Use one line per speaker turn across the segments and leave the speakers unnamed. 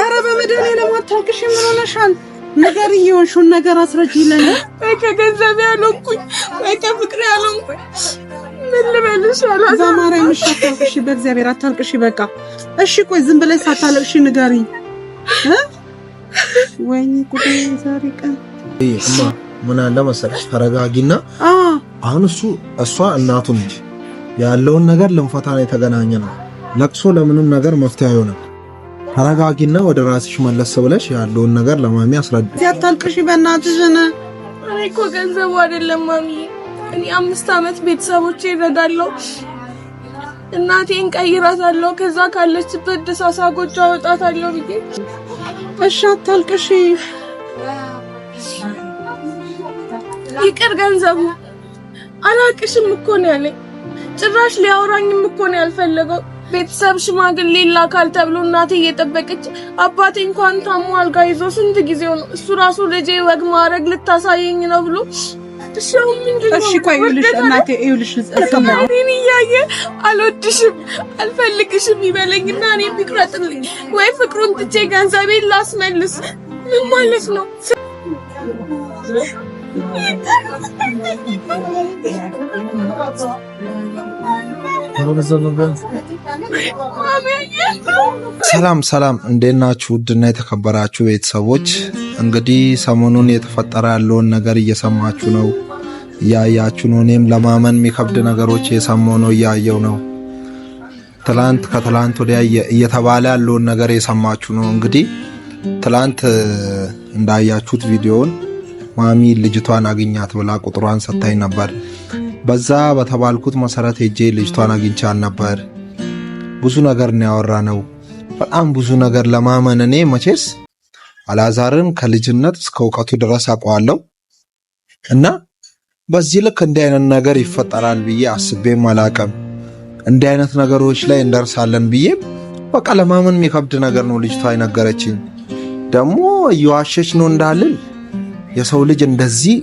ኧረ በመድኃኒዓለም አታልቅሽ። የምን ሆነሻል? ነገር እየሆንሽውን ነገር አስረጅ ይለኝ።
ወይ ከገንዘብ ያለንኩኝ ወይ ከፍቅር ያለንኩኝ ምን ልበልሽ?
በማርያምሽ አታልቅሽ፣ በእግዚአብሔር አታልቅሽ። በቃ እሺ፣ ቆይ ዝም ብለሽ ሳታለቅሽ ንገሪኝ። ወይኔ ቁጥ ዛሬ ቀን
እማ ምን አለ መሰለሽ፣ ተረጋጊና አሁን እሱ እሷ እናቱ ነች ያለውን ነገር ልንፈታ ነው የተገናኘ ነው ለቅሶ ለምንም ነገር መፍትሄ አይሆንም። ተረጋጊና ወደ ራስሽ መለስ ብለሽ ያለውን ነገር ለማሚ አስረዱ።
ያታልቅሽ በእናትሽን።
እኔ እኮ ገንዘቡ አይደለም ማሚ። እኔ አምስት ዓመት ቤተሰቦቼ ይረዳለሁ። እናቴን ቀይራታለሁ። ከዛ ካለችበት ደሳሳ ጎጆ አወጣታለሁ ብዬ። እሺ አታልቅሽ፣ ይቅር ገንዘቡ። አላቅሽም እኮ ነው ያለኝ። ጭራሽ ሊያወራኝም እኮ ነው ያልፈለገው። ቤተሰብ ሽማግሌ ላካል ተብሎ እናቴ እየጠበቀች አባቴ እንኳን ታሞ አልጋ ይዞ ስንት ጊዜው ነው። እሱ ራሱ ልጄ ወግ ማድረግ ልታሳየኝ ነው ብሎ ሰው
እኔን
እያየ አልወድሽም፣ አልፈልግሽም ይበለኝና እኔ ቢቁረጥልኝ ወይ ፍቅሩን ትቼ ገንዘቤን ላስመልስ ምን ማለት ነው?
ሰላም ሰላም፣ እንዴት ናችሁ? ውድና የተከበራችሁ ቤተሰቦች እንግዲህ ሰሞኑን የተፈጠረ ያለውን ነገር እየሰማችሁ ነው፣ እያያችሁ ነው። እኔም ለማመን የሚከብድ ነገሮች የሰማሁ ነው፣ እያየው ነው። ትላንት ከትላንት ወዲያ እየተባለ ያለውን ነገር የሰማችሁ ነው። እንግዲህ ትላንት እንዳያችሁት ቪዲዮውን ማሚ ልጅቷን አግኛት ብላ ቁጥሯን ሰታኝ ነበር። በዛ በተባልኩት መሰረት ሄጄ ልጅቷን አግኝቻን ነበር። ብዙ ነገር ነው ነው በጣም ብዙ ነገር ለማመን እኔ መቼስ አላዛርን ከልጅነት እስከ እውቀቱ ድረስ አውቀዋለሁ እና በዚህ ልክ እንዲህ አይነት ነገር ይፈጠራል ብዬ አስቤም አላቀም እንዲህ አይነት ነገሮች ላይ እንደርሳለን ብዬ በቃ ለማመን የሚከብድ ነገር ነው ልጅቷ የነገረችኝ። ደግሞ እየዋሸች ነው እንዳልል የሰው ልጅ እንደዚህ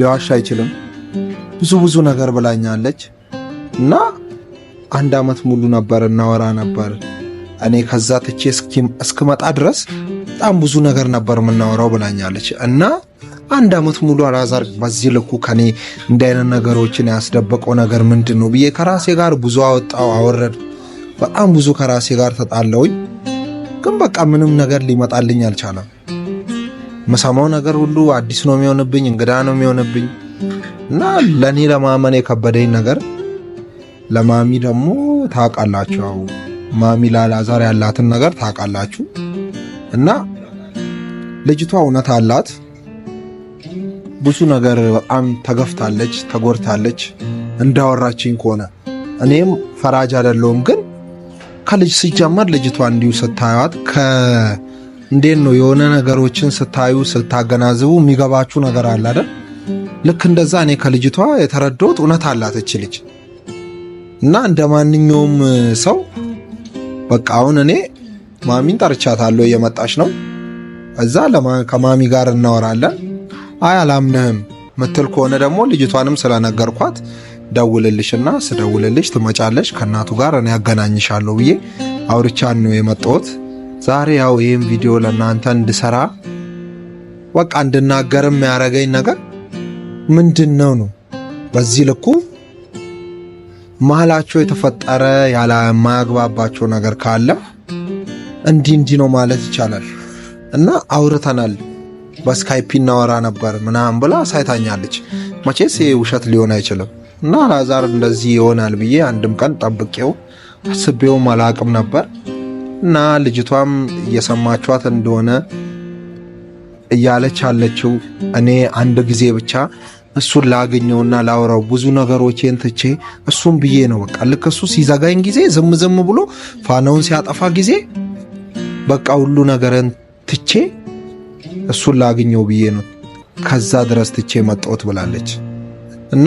ሊዋሽ አይችልም። ብዙ ብዙ ነገር ብላኛለች እና አንድ አመት ሙሉ ነበር እናወራ ነበር። እኔ ከዛ ትቼ እስክመጣ ድረስ በጣም ብዙ ነገር ነበር የምናወራው ብላኛለች እና አንድ አመት ሙሉ አላዛር በዚህ ልኩ ከኔ እንዲህ አይነት ነገሮችን ያስደበቀው ነገር ምንድን ነው ብዬ ከራሴ ጋር ብዙ አወጣው አወረድ። በጣም ብዙ ከራሴ ጋር ተጣለውኝ፣ ግን በቃ ምንም ነገር ሊመጣልኝ አልቻለም። የምሰማው ነገር ሁሉ አዲስ ነው የሚሆንብኝ፣ እንግዳ ነው የሚሆንብኝ እና ለእኔ ለማመን የከበደኝ ነገር ለማሚ ደግሞ ታውቃላችሁ፣ ማሚ ላላዛር ያላትን ነገር ታውቃላችሁ። እና ልጅቷ እውነት አላት። ብዙ ነገር በጣም ተገፍታለች፣ ተጎድታለች። እንዳወራችኝ ከሆነ እኔም ፈራጅ አይደለሁም፣ ግን ከልጅ ሲጀመር ልጅቷ እንዲሁ ስታዩት እንዴት ነው የሆነ ነገሮችን ስታዩ ስታገናዝቡ የሚገባችሁ ነገር አለ አይደል? ልክ እንደዛ እኔ ከልጅቷ የተረዳሁት እውነት አላት እች ልጅ እና እንደ ማንኛውም ሰው በቃ አሁን እኔ ማሚን ጠርቻታለሁ፣ እየመጣች ነው። እዛ ከማሚ ጋር እናወራለን። አይ አላምንህም ምትል ከሆነ ደግሞ ልጅቷንም ስለነገርኳት ደውልልሽና ስደውልልሽ ትመጫለሽ፣ ከእናቱ ጋር እኔ ያገናኝሻለሁ ብዬ አውርቻን ነው የመጣሁት። ዛሬ ያው ይህም ቪዲዮ ለእናንተ እንድሰራ በቃ እንድናገርም ያደረገኝ ነገር ምንድን ነው ነው በዚህ ልኩ መሀላቸው የተፈጠረ ያለ የማያግባባቸው ነገር ካለ እንዲህ እንዲህ ነው ማለት ይቻላል እና አውርተናል። በስካይፕ እናወራ ነበር ምናምን ብላ ሳይታኛለች። መቼስ ውሸት ሊሆን አይችልም። እና አላዛር እንደዚህ ይሆናል ብዬ አንድም ቀን ጠብቄው አስቤውም አላቅም ነበር። እና ልጅቷም እየሰማችኋት እንደሆነ እያለች አለችው እኔ አንድ ጊዜ ብቻ እሱን ላገኘውና ላውራው ብዙ ነገሮቼን ትቼ እሱም ብዬ ነው በቃ ልክ እሱ ሲዘጋኝ ጊዜ ዝም ዝም ብሎ ፋናውን ሲያጠፋ ጊዜ በቃ ሁሉ ነገርን ትቼ እሱን ላገኘው ብዬ ነው ከዛ ድረስ ትቼ መጣሁት ብላለች። እና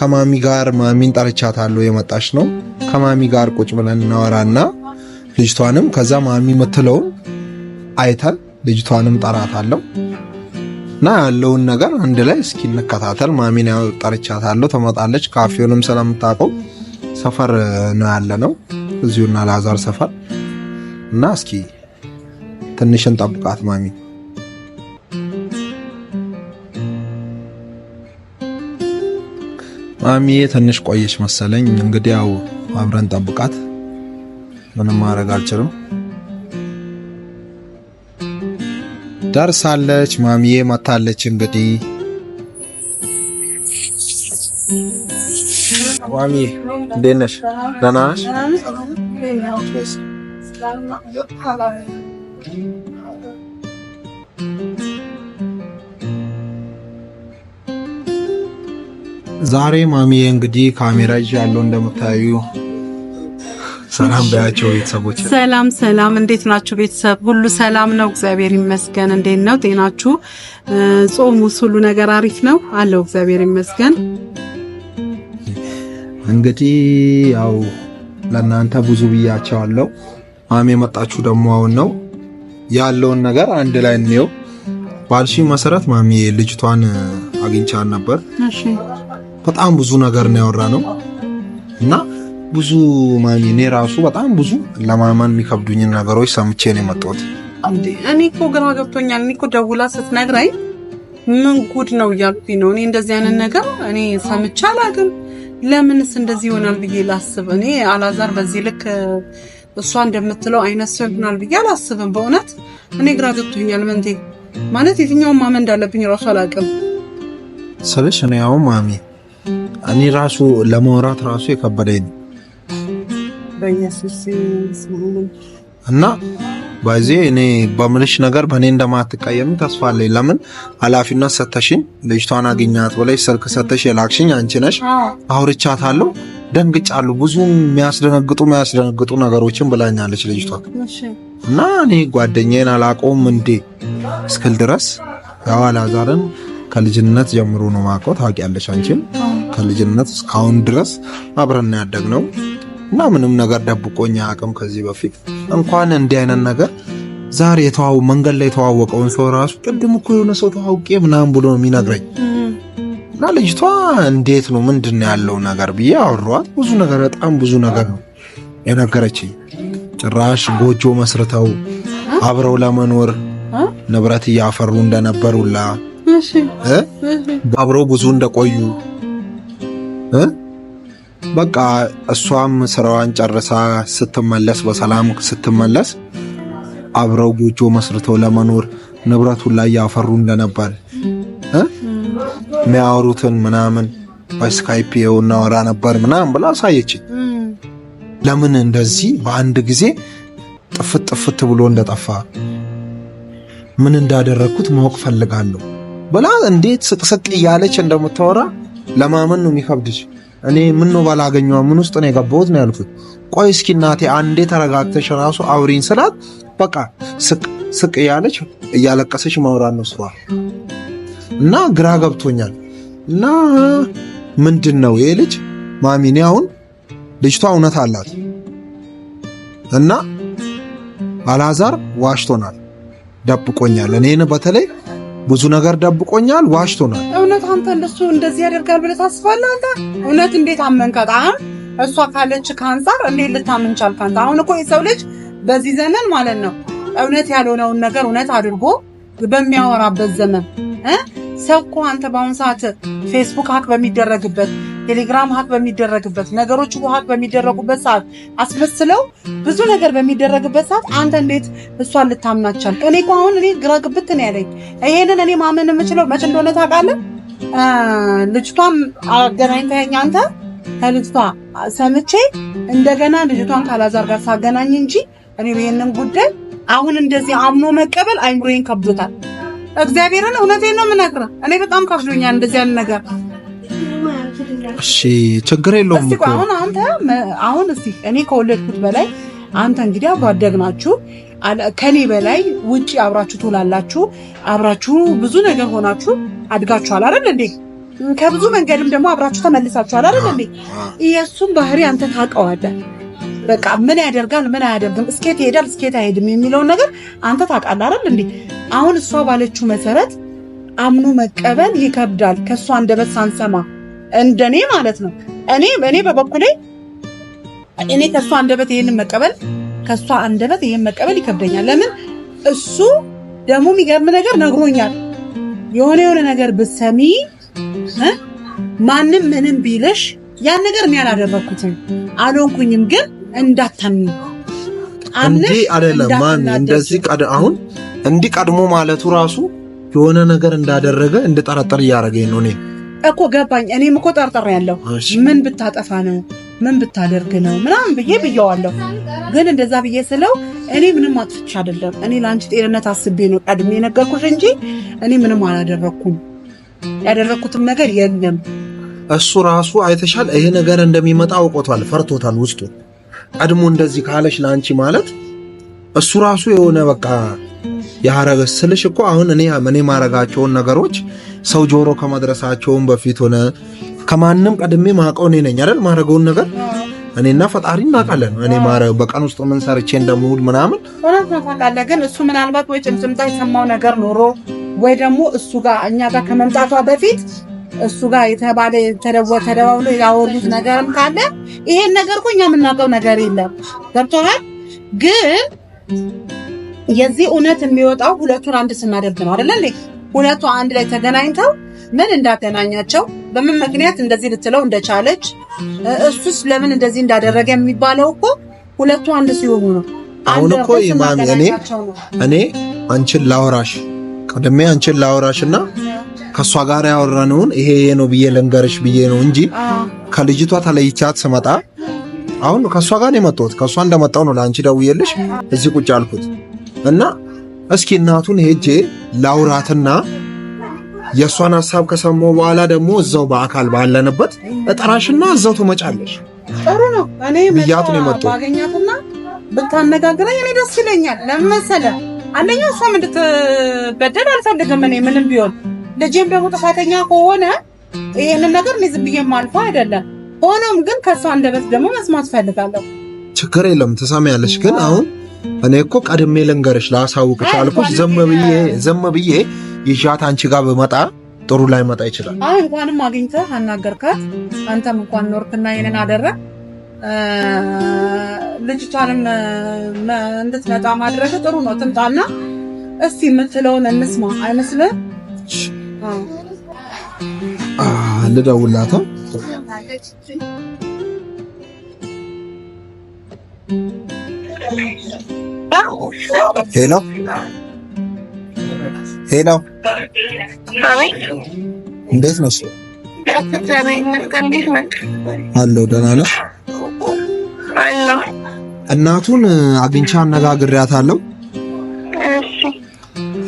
ከማሚ ጋር ማሚን ጠርቻታለሁ የመጣች ነው ከማሚ ጋር ቁጭ ብለን እናወራና ልጅቷንም ከዛ ማሚ የምትለውን አይተን ልጅቷንም ጠራት አለው እና ያለውን ነገር አንድ ላይ እስኪ እንከታተል። ማሚን ያው ጠርቻታለሁ፣ ትመጣለች። ካፌውንም ስለምታውቀው ሰፈር ነው ያለ ነው እዚሁና ላዛር ሰፈር እና እስኪ ትንሽ እንጠብቃት ማሚ ማሚዬ ትንሽ ቆየች መሰለኝ። እንግዲህ ያው አብረን ጠብቃት። ምንም ማድረግ አልችልም። ደርሳለች ማሚዬ መታለች። እንግዲህ ማሚዬ እንዴት ነሽ? ደህና ነሽ? ዛሬ ማሚዬ እንግዲህ ካሜራ ይዤ ያለው እንደምታዩ ሰላም በያቸው ቤተሰቦች።
ሰላም ሰላም፣ እንዴት ናችሁ ቤተሰብ? ሁሉ ሰላም ነው፣ እግዚአብሔር ይመስገን። እንዴት ነው ጤናችሁ? ጾሙስ ሁሉ ነገር አሪፍ ነው አለው? እግዚአብሔር ይመስገን።
እንግዲህ ያው ለእናንተ ብዙ አለው። አሜ የመጣችሁ ደግሞ አሁን ነው ያለውን ነገር አንድ ላይ እንየው ባልሽ መሰረት ማሚ ልጅቷን አግኝቻን ነበር። በጣም ብዙ ነገር ነው ያወራ ነው እና ብዙ እኔ ራሱ በጣም ብዙ ለማመን የሚከብዱኝ ነገሮች ሰምቼ ነው የመጣሁት።
እኔ እኮ ግራ ገብቶኛል። እኔ እኮ ደውላ ስትነግራኝ ምን ጉድ ነው እያልኩኝ ነው። እኔ እንደዚህ አይነት ነገር እኔ ሰምቼ አላውቅም። ለምንስ እንደዚህ ይሆናል ብዬ ላስብ። እኔ አላዛር በዚህ ልክ እሷ እንደምትለው አይነት ሰው ይሆናል ብዬ አላስብም። በእውነት እኔ ግራ ገብቶኛል። መንቴ ማለት የትኛውን ማመን እንዳለብኝ ራሱ አላውቅም
ስልሽ እኔ ያው ማሚ እኔ ራሱ ለመውራት ራሱ የከበደኝ እና በዚህ እኔ በምልሽ ነገር በእኔ እንደማትቀየሚ ተስፋ አለኝ። ለምን ኃላፊነት ሰተሽኝ ልጅቷን አገኛት ብለሽ ስልክ ሰተሽ የላክሽኝ አንቺ ነሽ። አውርቻታለሁ፣ ደንግጫለሁ። ብዙ የሚያስደነግጡ የሚያስደነግጡ ነገሮችን ብላኛለች ልጅቷ እና እኔ ጓደኛዬን አላውቀውም እንዴ እስክል ድረስ ያው አላዛርን ከልጅነት ጀምሮ ነው ማውቀው። ታውቂያለሽ አንቺም ከልጅነት እስካሁን ድረስ አብረን ያደግነው እና ምንም ነገር ደብቆኝ አቅም ከዚህ በፊት እንኳን እንዲህ አይነት ነገር ዛሬ የተዋው መንገድ ላይ የተዋወቀውን ሰው ራሱ ቅድም እኮ የሆነ ሰው ተዋውቄ ምናምን ብሎ ነው የሚነግረኝ። እና ልጅቷ እንዴት ነው ምንድን ያለው ነገር ብዬ አወሯት። ብዙ ነገር በጣም ብዙ ነገር ነው የነገረችኝ። ጭራሽ ጎጆ መስርተው አብረው ለመኖር ንብረት እያፈሩ እንደነበሩላ አብረው ብዙ እንደቆዩ በቃ እሷም ስራዋን ጨርሳ ስትመለስ በሰላም ስትመለስ አብረው ጎጆ መስርተው ለመኖር ንብረቱን ላይ ያፈሩ እንደነበር ሚያወሩትን ምናምን በስካይፕ እናወራ ነበር ምናምን ብላ አሳየችኝ። ለምን እንደዚህ በአንድ ጊዜ ጥፍት ጥፍት ብሎ እንደጠፋ ምን እንዳደረግኩት ማወቅ ፈልጋለሁ ብላ እንዴት ስቅስቅ እያለች እንደምታወራ ለማመን ነው የሚከብድች እኔ ምን ነው ባላገኘው ምን ውስጥ ነው የገባሁት ነው ያልኩት። ቆይ እስኪ እናቴ አንዴ ተረጋግተሽ ራሱ አውሪኝ ስላት በቃ ስቅ ስቅ እያለች እያለቀሰች ማውራት ነው ስሯል እና ግራ ገብቶኛል። እና ምንድን ነው ይሄ ልጅ ማሚኔ አሁን ልጅቷ እውነት አላት እና አላዛር ዋሽቶናል፣ ደብቆኛል እኔን በተለይ ብዙ ነገር ደብቆኛል፣ ዋሽቶናል።
እውነት አንተ እንደሱ እንደዚህ ያደርጋል ብለህ ታስባለህ? አንተ እውነት እንዴት አመንካት? አሁን እሷ ካለች ከአንጻር እንዴት ልታምን ቻልክ? አንተ አሁን እኮ የሰው ልጅ በዚህ ዘመን ማለት ነው እውነት ያልሆነውን ነገር እውነት አድርጎ በሚያወራበት ዘመን ሰው እኮ አንተ በአሁኑ ሰዓት ፌስቡክ ሀክ በሚደረግበት ቴሌግራም ሀክ በሚደረግበት ነገሮች ሀክ በሚደረጉበት ሰዓት አስመስለው ብዙ ነገር በሚደረግበት ሰዓት አንተ እንዴት እሷን ልታምናቻል? እኔ እኮ አሁን እኔ ግራ ግብት ነው ያለኝ። ይሄንን እኔ ማመን የምችለው መች እንደሆነ ታውቃለህ? ልጅቷም አገናኝተኸኝ አንተ ከልጅቷ ሰምቼ እንደገና ልጅቷን ካላዛር ጋር ሳገናኝ እንጂ እኔ ይሄንን ጉዳይ አሁን እንደዚህ አምኖ መቀበል አይምሮዬን ከብዶታል። እግዚአብሔርን እውነቴን ነው የምነግርህ። እኔ በጣም ከብዶኛል እንደዚህ ያለ ነገር
እሺ ችግር የለውም
እኮ አሁን አንተ አሁን እስቲ እኔ ከወለድኩት በላይ አንተ እንግዲህ አብሮ ናችሁ ከኔ በላይ ውጪ አብራችሁ ትውላላችሁ። አብራችሁ ብዙ ነገር ሆናችሁ አድጋችኋል አይደል እንዴ? ከብዙ መንገድም ደግሞ አብራችሁ ተመልሳችኋል አይደል እንዴ? የእሱም ባህሪ አንተ ታውቀዋለህ። በቃ ምን ያደርጋል፣ ምን አያደርግም፣ እስኬት ይሄዳል፣ እስኬት አይሄድም የሚለውን ነገር አንተ ታውቃለህ አይደል እንዴ? አሁን እሷ ባለችው መሰረት አምኖ መቀበል ይከብዳል ከእሷ አንደበት ሳንሰማ እንደኔ ማለት ነው። እኔ እኔ በበኩሌ እኔ ከእሷ አንደበት ይሄንን መቀበል ከእሷ አንደበት ይሄን መቀበል ይከብደኛል። ለምን እሱ ደግሞ የሚገርም ነገር ነግሮኛል። የሆነ የሆነ ነገር ብትሰሚ ማንም ምንም ቢልሽ ያን ነገር እኔ አላደረኩትም አልሆንኩኝም፣ ግን እንዳታምኝ
እንዲህ አይደለም ማን እንደዚህ ቀድ አሁን እንዲህ ቀድሞ ማለቱ ራሱ የሆነ ነገር እንዳደረገ እንድጠረጠር እያደረገኝ ነው እኔ
እኮ ገባኝ። እኔም እኮ ያለው ምን ብታጠፋ ነው ምን ብታደርግ ነው ምናምን ብዬ ብየዋለሁ። ግን እንደዛ ብዬ ስለው እኔ ምንም አጥፍቼ አይደለም፣ እኔ ለአንቺ ጤንነት አስቤ ነው ቀድሜ የነገርኩሽ እንጂ እኔ ምንም አላደረግኩም፣ ያደረግኩትም ነገር የለም።
እሱ ራሱ አይተሻል፣ ይሄ ነገር እንደሚመጣ አውቆቷል፣ ፈርቶታል። ውስጡ ቀድሞ እንደዚህ ካለሽ ለአንቺ ማለት እሱ ራሱ የሆነ በቃ ያረገ ስልሽ እኮ አሁን እኔ እኔ ማረጋቸውን ነገሮች ሰው ጆሮ ከመድረሳቸውም በፊት ሆነ ከማንም ቀድሜ ማቀው እኔ ነኝ አይደል? ማረገውን ነገር እኔና ፈጣሪ እናውቃለን። እኔ በቀን ውስጥ ምን ሰርቼ እንደምውል ምናምን
እውነት ነው ታውቃለህ። ግን እሱ ምናልባት ወይ ጭምጭምታ የሰማው ነገር ኖሮ ወይ ደግሞ እሱ ጋር እኛ ጋር ከመምጣቷ በፊት እሱ ጋር የተባለ ተደዋውሎ ያወሩት ነገርም ካለ ይሄን ነገር እኮ እኛ የምናውቀው ነገር የለም። ገብቶሃል? ግን የዚህ እውነት የሚወጣው ሁለቱን አንድ ስናደርግ ነው አይደል? ሁለቱ አንድ ላይ ተገናኝተው ምን እንዳገናኛቸው በምን ምክንያት እንደዚህ ልትለው እንደቻለች እሱስ ለምን እንደዚህ እንዳደረገ የሚባለው እኮ ሁለቱ አንድ ሲሆኑ ነው።
አሁን እኮ ኢማም እኔ እኔ አንቺን ላወራሽ ቀድሜ አንቺን ላወራሽ እና ከእሷ ጋር ያወራነውን ይሄ ነው ብዬ ልንገርሽ ብዬ ነው እንጂ ከልጅቷ ተለይቻት ስመጣ አሁን ከእሷ ጋር ነው የመጣሁት። ከእሷ እንደመጣው ነው ለአንቺ ደውዬልሽ እዚህ ቁጭ አልኩት እና እስኪ እናቱን ሄጄ ላውራትና የእሷን ሀሳብ ከሰማሁ በኋላ ደግሞ እዛው በአካል ባለንበት እጠራሽና እዛው ትመጫለሽ።
ጥሩ ነው። እኔ
ብያት ነው የመጣው።
ባገኛትና ብታነጋግረኝ እኔ ደስ ይለኛል። ለምን መሰለህ? አንደኛ እሷም እንድትበደል አልፈልግም። እኔ ምንም ቢሆን ልጄም ደግሞ ጥፋተኛ ከሆነ ይህንን ነገር እኔ ዝም ብዬ ማልፎ አይደለም። ሆኖም ግን ከእሷ አንደበት ደግሞ መስማት ፈልጋለሁ።
ችግር የለም ትሰሚያለሽ። ግን አሁን እኔ እኮ ቀድሜ ልንገርሽ ላሳውቅሽ አልኩሽ። ዘም ብዬ ዘም ብዬ ይዣት አንቺ ጋር በመጣ ጥሩ ላይ መጣ ይችላል።
አሁን እንኳንም አግኝተህ አናገርካት፣ አንተም እንኳን ኖርክና ይሄንን አደረግ። ልጅቷንም እንድትመጣ ማድረግ ጥሩ ነው። ትምጣና እስቲ የምትለውን እንስማ። አይመስልህ?
ልደውላታ ሄሎ ሄሎ፣ እንዴት ነሽ? አለሁ፣ ደህና ነሽ? እናቱን አግኝቻ አነጋግሬያታለሁ።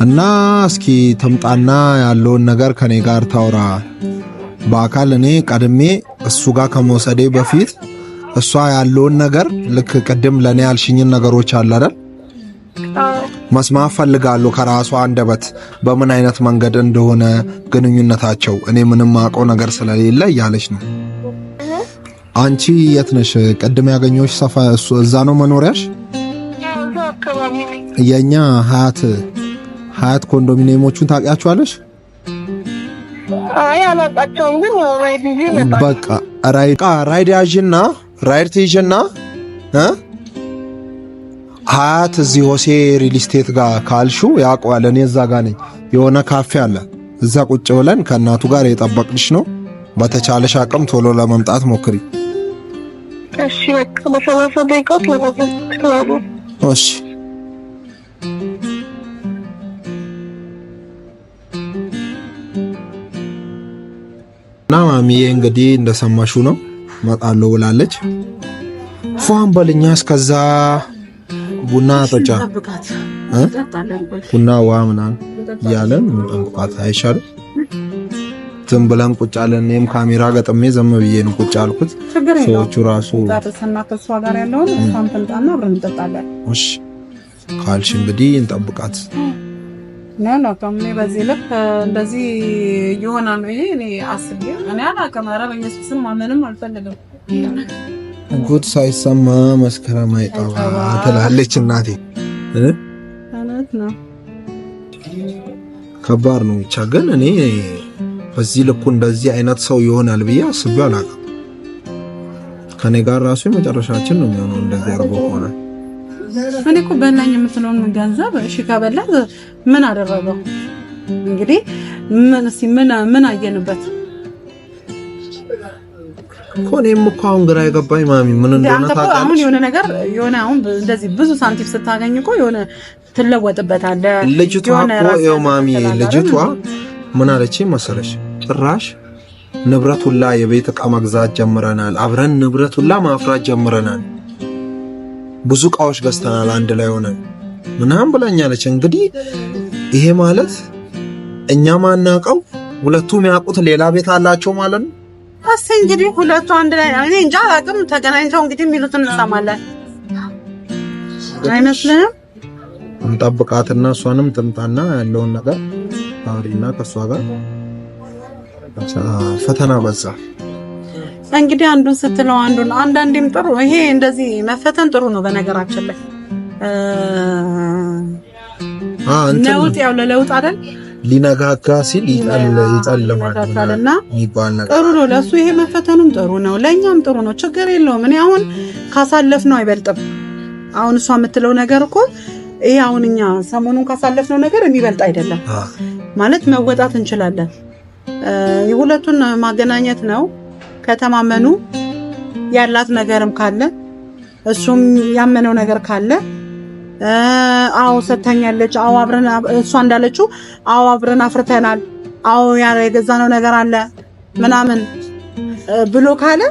እና እስኪ ትምጣና ያለውን ነገር ከኔ ጋር ታውራ። በአካል እኔ ቀድሜ እሱ ጋር ከመውሰዴ በፊት እሷ ያለውን ነገር ልክ ቅድም ለእኔ ያልሽኝን ነገሮች አለ አይደል መስማት ፈልጋለሁ ከራሷ አንደበት በምን አይነት መንገድ እንደሆነ ግንኙነታቸው እኔ ምንም አውቀው ነገር ስለሌለ እያለች ነው። አንቺ የት ነሽ? ቅድም ያገኘሁሽ ሰፋ እዛ ነው መኖሪያሽ? የእኛ ሀያት ሀያት ኮንዶሚኒየሞቹን ታውቂያቸዋለሽ? አይ ግን በቃ ራይድ ያዥና ራይድ ትይዥና ሀያት እዚህ ሆሴ ሪል ስቴት ጋር ካልሹ ያውቀዋል። እኔ እዛ ጋ ነኝ። የሆነ ካፌ አለ። እዛ ቁጭ ብለን ከእናቱ ጋር የጠበቅንሽ ነው። በተቻለሽ አቅም ቶሎ ለመምጣት ሞክሪ።
እሺ በቃ
እሺ። እና ማሚዬ እንግዲህ እንደሰማሹ ነው እመጣለሁ ብላለች። ፏን በልኛ እስከዛ ቡና ጠጫ ቡና ውሃ ምናምን እያለን እንጠብቃት አይሻልም? ዝም ብለን ቁጭ አለን። እኔም ካሜራ ገጥሜ ዘም ብዬ ነው ቁጭ አልኩት። ሰዎቹ ራሱ ካልሽ እንግዲህ እንጠብቃት
ነው ነው ከምኔ በዚህ ልክ እንደዚህ ይሆናል ብዬ እኔ አስቤ እኔ አላውቅም። ኧረ በኢየሱስ ማመንም አልፈልግም።
ጉድ ሳይሰማ መስከረም አይጠባ ትላለች እናቴ። እውነት ነው፣ ከባድ ነው። ብቻ ግን እኔ በዚህ ልኩ እንደዚህ አይነት ሰው ይሆናል ብዬ አስቤ አላውቅም። ከኔ ጋር ራሱ የመጨረሻችን ነው የሚሆነው እንደዚህ አርጎ
እኔ እኮ በእናኝ የምትለውን ገንዘብ እሺ ከበላ ምን አደረገው? እንግዲህ ምን እስኪ ምን ምን አየንበት
እኮ እኔም እኮ አሁን ግራ የገባኝ ማሚ ምን
እንደሆነ ታውቃለህ። አሁን የሆነ ነገር የሆነ አሁን እንደዚህ ብዙ ሳንቲም ስታገኝ እኮ የሆነ ትለወጥበታለህ።
ልጅቷ እኮ ያው ማሚ ልጅቷ ምን አለች መሰለሽ ጭራሽ ንብረት ሁላ የቤት ዕቃ መግዛት ጀምረናል፣ አብረን ንብረት ሁላ ማፍራት ጀምረናል ብዙ እቃዎች ገዝተናል አንድ ላይ ሆነን ምናምን ብላኛለች። እንግዲህ ይሄ ማለት እኛ ማናቀው ሁለቱ የሚያውቁት ሌላ ቤት አላቸው ማለት ነው።
እስ እንግዲህ ሁለቱ አንድ ላይ እኔ እንጃ አላውቅም። ተገናኝተው እንግዲህ የሚሉትን እንሰማለን አይመስልንም?
እንጠብቃትና እሷንም ትምጣና ያለውን ነገር ታሪና ከእሷ ጋር ፈተና በዛ
እንግዲህ አንዱን ስትለው አንዱን አንዳንዴም ጥሩ ይሄ እንደዚህ መፈተን ጥሩ ነው። በነገራችን ላይ ነውጥ ያው ለለውጥ አይደል
ሊነጋጋ ሲል ይጣል ማለት ነገር
ጥሩ ነው። ለእሱ ይሄ መፈተኑም ጥሩ ነው፣ ለእኛም ጥሩ ነው። ችግር የለውም። እኔ አሁን ካሳለፍነው አይበልጥም። አሁን እሷ የምትለው ነገር እኮ ይሄ አሁን እኛ ሰሞኑን ካሳለፍነው ነገር የሚበልጥ አይደለም ማለት መወጣት እንችላለን። የሁለቱን ማገናኘት ነው ከተማመኑ ያላት ነገርም ካለ እሱም ያመነው ነገር ካለ አዎ ሰጥተኛለች፣ አዎ አብረን እሷ እንዳለችው አዎ አብረን አፍርተናል፣ አዎ የገዛነው ነገር አለ ምናምን ብሎ ካለ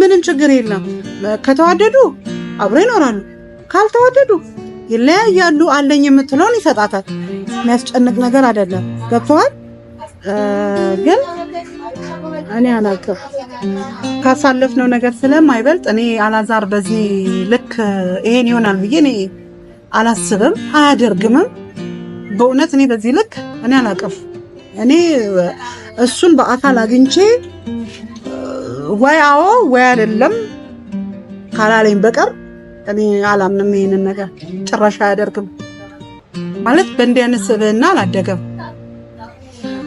ምንም ችግር የለም። ከተዋደዱ አብረው ይኖራሉ፣ ካልተዋደዱ ይለያያሉ። አለኝ የምትለውን ይሰጣታል። የሚያስጨንቅ ነገር አይደለም። ገብቶሃል ግን እኔ አላውቅም። ካሳለፍነው ነገር ስለማይበልጥ እኔ አላዛር በዚህ ልክ ይሄን ይሆናል ብዬ እኔ አላስብም፣ አያደርግምም። በእውነት እኔ በዚህ ልክ እኔ አላውቅም። እኔ እሱን በአካል አግኝቼ ወይ አዎ ወይ አይደለም ካላለኝ በቀር እኔ አላምንም። ይሄንን ነገር ጭራሽ አያደርግም ማለት በእንዲህ አይነት ስብዕና አላደገም።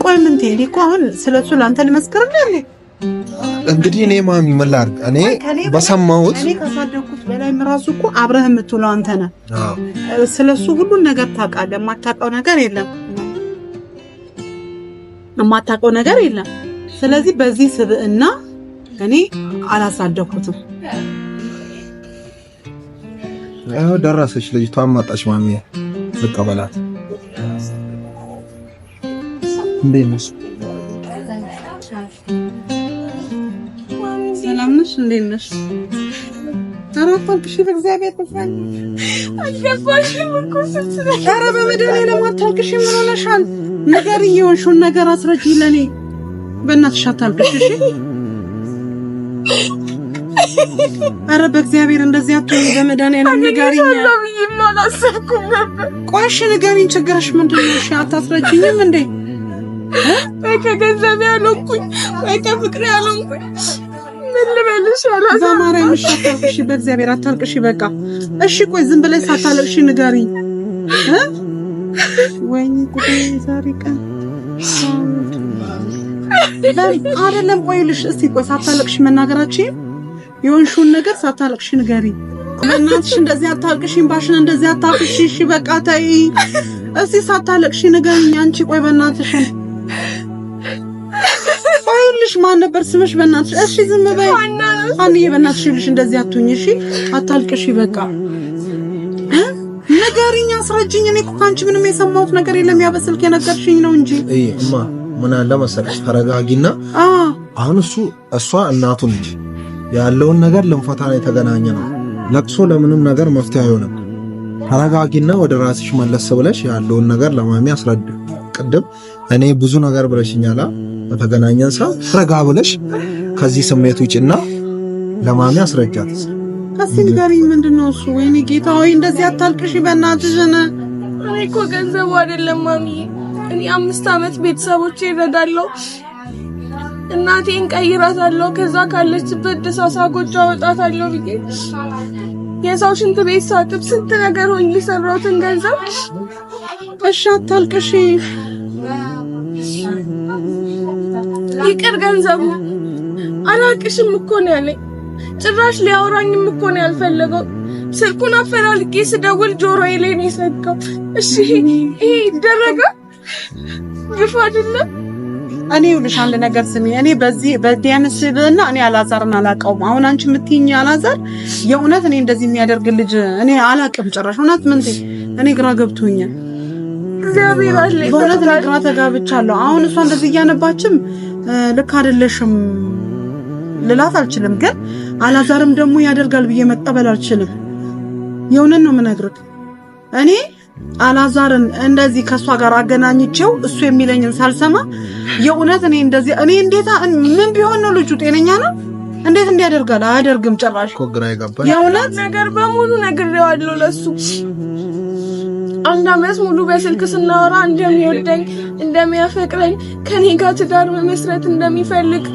ቆይ ምን ትሄድ እኮ አሁን ስለሱ ለአንተ ልመስክርልህ
እንግዲህ እኔ ማሚ ምን እኔ በሰማሁት
እኔ ካሳደግኩት በላይም ራሱ እኮ አብረህ የምትውለው አንተ ነህ። ስለሱ ሁሉን ነገር ታውቃለህ። የማታውቀው ነገር የለም፣ የማታውቀው ነገር የለም። ስለዚህ በዚህ ስብዕና እኔ አላሳደግኩትም።
ደረሰች፣ ልጅቷ ማጣች። ማሚ ልቀበላት እንዴት ነሽ?
ሰላም ነሽ? እንዴት ነሽ? በእግዚአብሔር በመድኃኒዓለም አታልቅሽ። ምን ሆነሻል? ነገር እየሆንሽውን ነገር አስረጂ በእናትሽ አታልቅሽ አረ በእግዚአብሔር እንደዚህ አትሆኚ። በመድኃኒዓለም ንገሪኝ። ቆይ እሺ ንገሪኝ፣ ችግርሽ ምንድን ነው? አታስረጂኝም እንዴ?
ከገንዘብ ያልሆንኩኝ ከፍቅር ያልሆንኩኝ ምን ልበልሽ?
ዛማርያም እሺ፣ አታልቅሽ፣ በእግዚአብሔር አታልቅሽ። በቃ እሺ፣ ቆይ ዝም ብለሽ ሳታልቅሽ ንገሪኝ። ወይኔ ጉዴ ዛሬ ቀን አይደለም። ቆይልሽ እስቲ ቆይ፣ ሳታልቅሽ መናገራችን የሆንሽውን ነገር ሳታለቅሽ ንገሪ እናትሽ እንደዚህ አታልቅሽ፣ እምባሽን እንደዚህ አታፍሺ። እሺ፣ በቃ ተይ፣ እስቲ ሳታልቅሽ ንገሪኝ። አንቺ ቆይ በእናትሽን ስምሽ ማን ነበር? ስምሽ በእናትሽ እሺ፣ ዝም በይ አንዬ፣ በእናትሽ ልሽ እንደዚህ አትሁኝ፣ እሺ፣ አታልቅሽ፣ በቃ ንገሪኝ፣ አስረጅኝ። እኔ እኮ ከአንቺ ምንም የሰማሁት ነገር የለም፣ ያ በስልክ የነገርሽኝ ነው እንጂ።
እይ እማ ምን አለ መሰለሽ፣ ተረጋጊና አሁን እሱ እሷ እናቱ ነች፣ ያለውን ነገር ልንፈታ ነው የተገናኘ ነው። ለቅሶ ለምንም ነገር መፍትሄ አይሆንም። ተረጋጊና ወደ ራስሽ መለስ ብለሽ ያለውን ነገር ለማሚ አስረድ። ቅድም እኔ ብዙ ነገር ብለሽኛላ በተገናኘን ሰው ረጋ ብለሽ ከዚህ ስሜት ውጭና ለማሚ አስረጃት።
እስኪ ንገሪኝ፣ ምንድን ነው እሱ? ወይኔ ጌታ ሆይ እንደዚህ አታልቅሽ በእናትሽን።
እኔ እኮ ገንዘቡ አይደለም ማሚ፣ እኔ አምስት ዓመት ቤተሰቦቼ እረዳለሁ፣ እናቴን ቀይራታለሁ፣ ከዛ ካለችበት ደሳሳ ጎጆ አወጣታለሁ ብዬ የሰው ሽንት ቤት ሳጥብ ስንት ነገር ሆኜ የሰራሁትን ገንዘብ እሺ፣ አታልቅሽ ይቅር ገንዘቡ አላቅሽም እኮ ነው ያለኝ። ጭራሽ ሊያወራኝም እኮ ነው ያልፈለገው። ስልኩን አፈላልጌ ስደውል ጆሮዬ ላይ ነው የሰጋው። እሺ ይሄ ይደረጋል? ግፍ አይደለም።
እኔ ይኸውልሽ አንድ ነገር ስሚ። እኔ በዚህ በዲያንስ ብና እኔ አላዛርን አላውቀውም። አሁን አንቺ የምትይኝ አላዛር የእውነት እኔ እንደዚህ የሚያደርግ ልጅ እኔ አላውቅም። ጭራሽ እውነት ምን እኔ ግራ ገብቶኛል። በእውነት እኔ ግራ ተጋብቻለሁ። አሁን እሷ እንደዚህ እያነባችም ልክ አይደለሽም ልላት አልችልም። ግን አላዛርም ደግሞ ያደርጋል ብዬ መጠበል አልችልም። የእውነት ነው የምነግርህ። እኔ አላዛርን እንደዚህ ከእሷ ጋር አገናኝቼው እሱ የሚለኝን ሳልሰማ የእውነት እኔ እንደዚህ እኔ እንዴታ ምን ቢሆን ነው ልጁ ጤነኛ ነው? እንዴት እንዲያደርጋል? አያደርግም ጭራሽ።
የእውነት ነገር በሙሉ ነግሬዋለሁ ለሱ አንድ አመት ሙሉ በስልክ ስናወራ እንደሚወደኝ እንደሚያፈቅረኝ ከኔ ጋር ትዳር መመስረት እንደሚፈልግ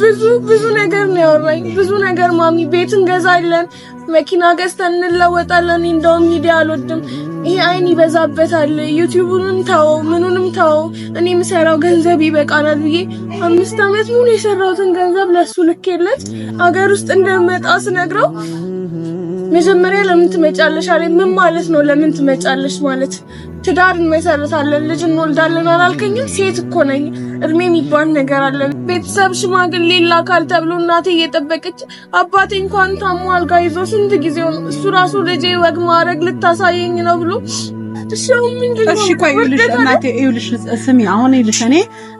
ብዙ ብዙ ነገር ነው ያወራኝ። ብዙ ነገር ማሚ፣ ቤት እንገዛለን፣ መኪና ገዝተን እንለወጣለን። እንደውም ሚዲያ አልወድም፣ ይሄ አይን ይበዛበታል፣ ዩቲዩቡንም ተው፣ ምኑንም ተው፣ እኔ የምሰራው ገንዘብ ይበቃናል ብዬ አምስት አመት ሙሉ የሰራሁትን ገንዘብ ለሱ ልኬለት አገር ውስጥ እንደመጣ ስነግረው መጀመሪያ ለምን ትመጫለሽ አለኝ። ምን ማለት ነው ለምን ትመጫለሽ ማለት? ትዳር እንመሰረታለን ልጅ እንወልዳለን አላልከኝም? ሴት እኮ ነኝ። እድሜ የሚባል ነገር አለ። ቤተሰብ ሽማግሌ ላካል ተብሎ እናቴ እየጠበቀች አባቴ እንኳን ታሞ አልጋ ይዞ ስንት ጊዜው እሱ ራሱ ልጄ ወግ ማድረግ ልታሳየኝ ነው ብሎ እሺ
ቆይ ይኸውልሽ፣ እናቴ ይኸውልሽ፣ ስሚ አሁን ይኸውልሽ፣ እኔ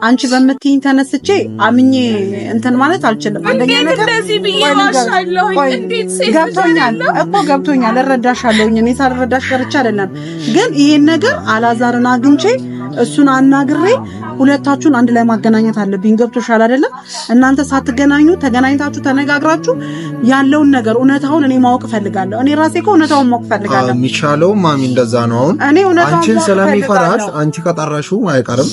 አንቺ በምትይኝ ተነስቼ አምኜ እንትን ማለት አልችልም።
አንደኛ ነገር ገብቶኛል
እኮ ገብቶኛል፣ እረዳሻለሁኝ። እኔ ሳልረዳሽ ቀርቼ አይደለም፣ ግን ይሄን ነገር አላዛርን አግኝቼ እሱን አናግሬ ሁለታችሁን አንድ ላይ ማገናኘት አለብኝ። ገብቶሻል አይደለም? እናንተ ሳትገናኙ ተገናኝታችሁ ተነጋግራችሁ ያለውን ነገር እውነታውን እኔ ማወቅ ፈልጋለሁ። እኔ ራሴ እኮ እውነታውን ማወቅ ፈልጋለሁ።
የሚቻለው ማሚ እንደዛ ነው። አሁን እኔ አንቺን ስለሚፈራት አንቺ ከጠራሽው አይቀርም።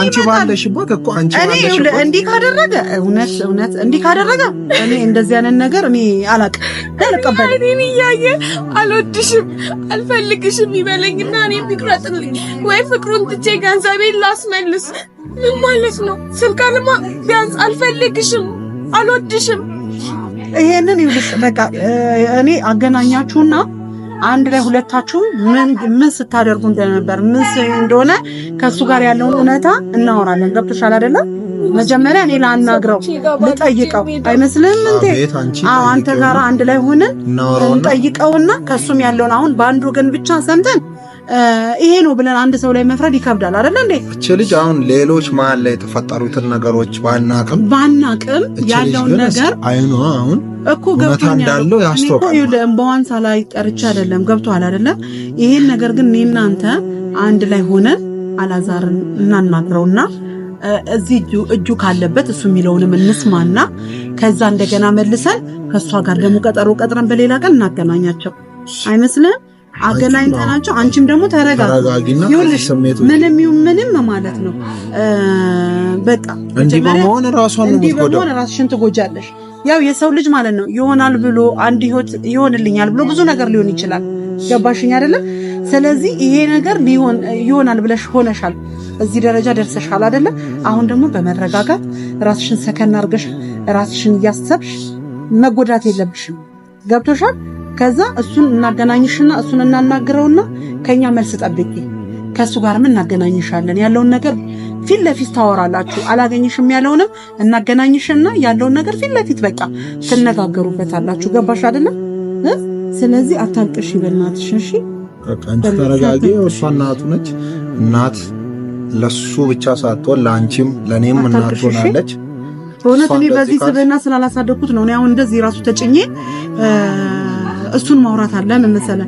አንቺ ባለሽበት እኮ
አንቺ ባለሽበት እንዲህ ካደረገ እውነት እውነት እንዲህ ካደረገ እኔ እንደዚህ አይነት ነገር እኔ አላቅም
አልቀበልም። እኔን እያየ አልወድሽም፣ አልፈልግሽም ይበለኝና እኔ ፍቅራጥልኝ ወይ ፍቅሩን አምጥቼ ገንዘቤን ላስመልስ። ምን ማለት ነው? ስልካንማ ቢያንስ አልፈልግሽም፣ አልወድሽም።
ይሄንን ይልስ በቃ እኔ አገናኛችሁና አንድ ላይ ሁለታችሁም ምን ምን ስታደርጉ እንደነበር ምን እንደሆነ ከእሱ ጋር ያለውን እውነታ እናወራለን። ገብቶሻል አይደለም? መጀመሪያ እኔ ላናግረው ልጠይቀው፣ አይመስልም እንዴ? አዎ አንተ ጋር አንድ ላይ ሆነን እንጠይቀውና ከእሱም ያለውን አሁን በአንድ ወገን ብቻ ሰምተን ይሄ ነው ብለን አንድ ሰው ላይ መፍረድ ይከብዳል አይደል እንዴ?
እቺ ልጅ አሁን ሌሎች መሀል ላይ የተፈጠሩትን ነገሮች ባናቅም
ባናቅም ያለውን ነገር
አይኑ አሁን
እኮ ገብቶኛል
እንዳለው ያስተውቃል።
እምባዋን ላይ ጠርቻ አይደለም ገብቷል አይደለም? ይሄን ነገር ግን እኔና አንተ አንድ ላይ ሆነን አላዛርን እናናግረውና እዚህ እጁ ካለበት እሱ የሚለውንም እንስማና ከዛ እንደገና መልሰን ከእሷ ጋር ደግሞ ቀጠሮ ቀጥረን በሌላ ቀን እናገናኛቸው አይመስልም? አገናኝተናቸው አንቺም ደግሞ ተረጋጊ። ይኸውልሽ ምንም ይሁን ምንም ማለት ነው
በቃ እንዲህ በመሆን ራሷን
ነው የምትጎዳው፣ ራስሽን ትጎጃለሽ። ያው የሰው ልጅ ማለት ነው ይሆናል ብሎ አንድ ህይወት ይሆንልኛል ብሎ ብዙ ነገር ሊሆን ይችላል። ገባሽኝ አይደለም? ስለዚህ ይሄ ነገር ሊሆን ይሆናል ብለሽ ሆነሻል፣ እዚህ ደረጃ ደርሰሻል አይደለም? አሁን ደግሞ በመረጋጋት ራስሽን ሰከን አድርገሽ ራስሽን እያሰብሽ መጎዳት የለብሽም። ገብቶሻል? ከዛ እሱን እናገናኝሽና እሱን እናናግረውና ከኛ መልስ ጠብቂ፣ ከእሱ ጋርም እናገናኝሻለን። ያለውን ነገር ፊት ለፊት ታወራላችሁ። አላገኝሽም ያለውንም እናገናኝሽና ያለውን ነገር ፊት ለፊት በቃ ትነጋገሩበት አላችሁ። ገባሽ አይደለም? ስለዚህ አታልቅሽ፣ በእናትሽ እሺ።
ተረጋጊ። እሷ እናቱ ነች። እናት ለሱ ብቻ ሳትሆን ለአንቺም ለእኔም እናት ሆናለች።
በእውነት እኔ በዚህ ስብህና ስላላሳደግኩት ነው እኔ አሁን እንደዚህ ራሱ ተጭኜ እሱን ማውራት አለ መመሰለ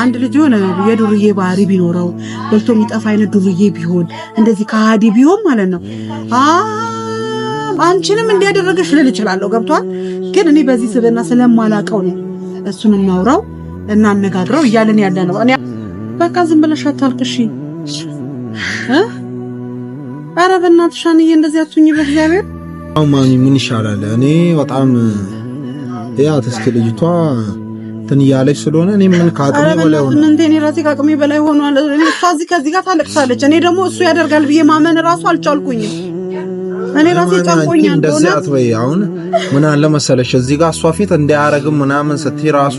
አንድ ልጅ የሆነ የዱርዬ ባህሪ ቢኖረው በልቶ የሚጠፋ አይነት ዱርዬ ቢሆን እንደዚህ ከሃዲ ቢሆን ማለት ነው አንቺንም እንዲያደረገሽ ልል እችላለሁ። ገብቷል። ግን እኔ በዚህ ስብና ስለማላቀው ነው እሱን እናውራው እናነጋግረው እያለን ያለ ነው። እኔ በቃ ዝም ብለሽ አታልቅሽ። ኧረ በእናትሽ አንዬ እንደዚህ አትሁኝ። በእግዚአብሔር።
ማሚ ምን ይሻላል? እኔ በጣም ያ ተስከ ልጅቷ እንትን እያለች ስለሆነ እኔ ምን ከአቅሜ
በላይ ሆነ እኔ ራሴ ከአቅሜ በላይ ሆኗል። እሷ እዚህ ከዚህ ጋር ታለቅሳለች፣ እኔ ደግሞ እሱ ያደርጋል ብዬ ማመን ራሱ አልቻልኩኝም። እኔ ራሴ ጫንቆኛል።
እንደዚህ አትበይ። አሁን ምን አለ መሰለሽ እዚህ ጋር እሷ ፊት እንዳያረግም ምናምን ስትይ ራሱ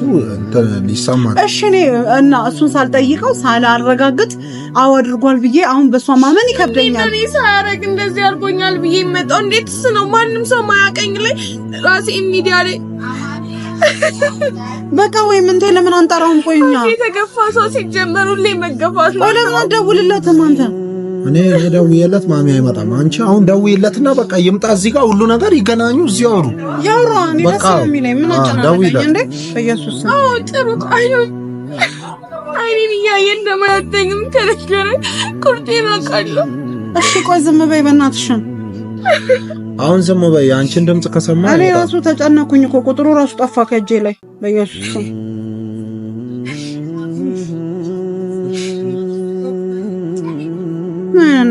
ይሰማል።
እሺ እኔ እና እሱን ሳልጠይቀው ሳላረጋግጥ አዎ አድርጓል ብዬ አሁን በእሷ ማመን ይከብደኛል።
እኔ ሳያረግ እንደዚህ አድርጎኛል ብዬ ይመጣው እንዴትስ ነው ማንም ሰው ማያቀኝ ላይ ራሴ ሚዲያ ላይ
በቃ ወይ ምን ተይ፣ ለምን አንጠራውም? ቆይኛ እኛ
የተገፋ ሰው ሲጀመር ሁሌ መገፋት
ነው። ለምን አትደውልለትም አንተ?
እኔ ማሚ አይመጣም። አንቺ አሁን ደውዬለትና በቃ ይምጣ እዚህ ጋር ሁሉ ነገር ይገናኙ፣ እዚህ ያወሩ
ያወሩ። እኔ ደስ
ነው ምን እንዴ?
በኢየሱስ ስም ጥሩ
እሺ
አሁን ዝም በይ። አንቺን ድምፅ ከሰማ
እኔ ራሱ ተጨነኩኝ እኮ ቁጥሩ ራሱ ጠፋ ከእጄ ላይ በኢየሱስ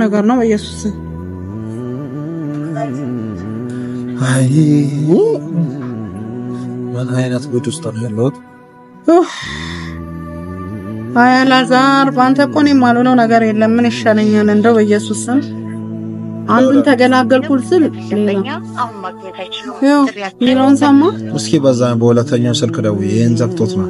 ነገር ነው በኢየሱስ
አይ ምን አይነት ጉድ ውስጥ ነው ያለሁት?
አይ አላዛር፣ በአንተ እኮ እኔ የማልሆነው ነገር የለም። ምን ይሻለኛል እንደው በኢየሱስ ስም አንዱን ተገላገልኩል ስል ሌላውን ሰማ።
እስኪ በዛ በሁለተኛው ስልክ ደው ይህን ዘግቶት ነው።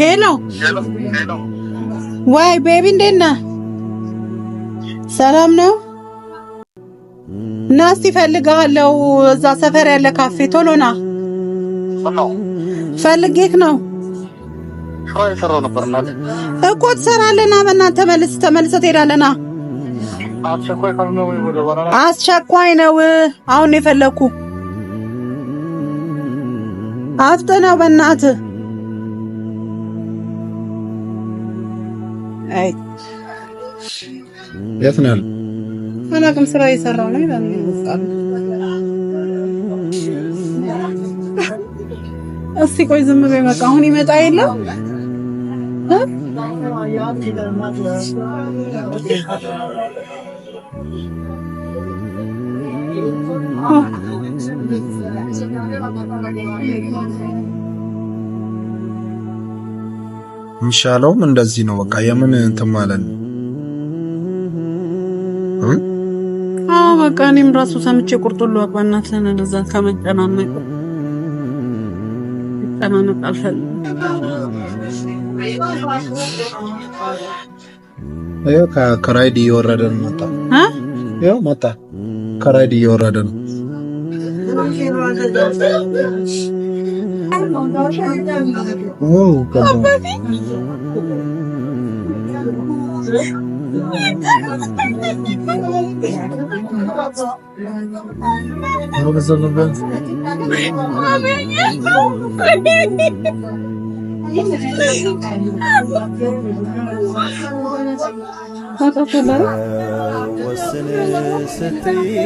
ሄሎ ዋይ ቤቢ እንዴት ነህ? ሰላም ነው ና እስቲ ፈልግሃለሁ። እዛ ሰፈር ያለ ካፌ ቶሎ ና። ፈልጌክ ነው እኮ ትሰራለህ። ና በእናትህ ተመልስ፣ ተመልሰህ ትሄዳለህ። አስቸኳይ ነው። አሁን ነው የፈለግኩ። አፍጥነው በእናትህ።
የት ነው ያለው? አላውቅም። ስራ እየሰራሁ ነው ይላል። እስቲ ቆይ ዝም በይ በቃ አሁን ይመጣ የለም የሚሻለውም እንደዚህ ነው። በቃ የምን እንትን ማለት ነው በቃ እኔም ራሱ ሰምቼ ቁርጡሎ አባናት ለነዛ ከመጨናነቅ ይጨናነቅ አልፈልግም። ከራይድ እየወረደ ነው። መጣ ያው መጣ ከራይድ እየወረደ ነው። ኦ ወስን ስትይ